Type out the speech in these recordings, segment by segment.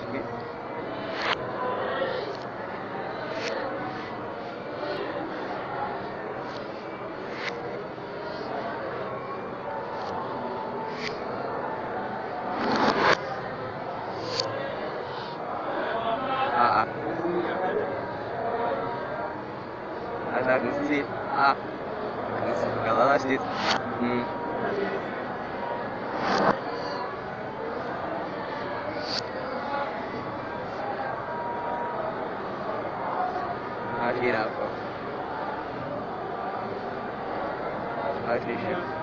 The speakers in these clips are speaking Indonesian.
ah ah ada masjid ah kalau masjid hmm girafa. Olha que lixo.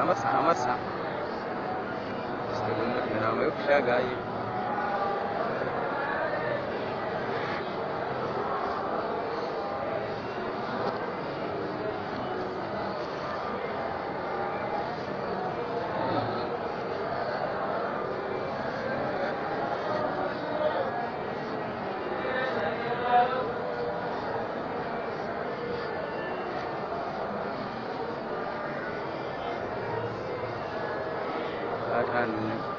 ನಮಸ್ತೆ ನಮಸ್ತೆ ನಾವು halini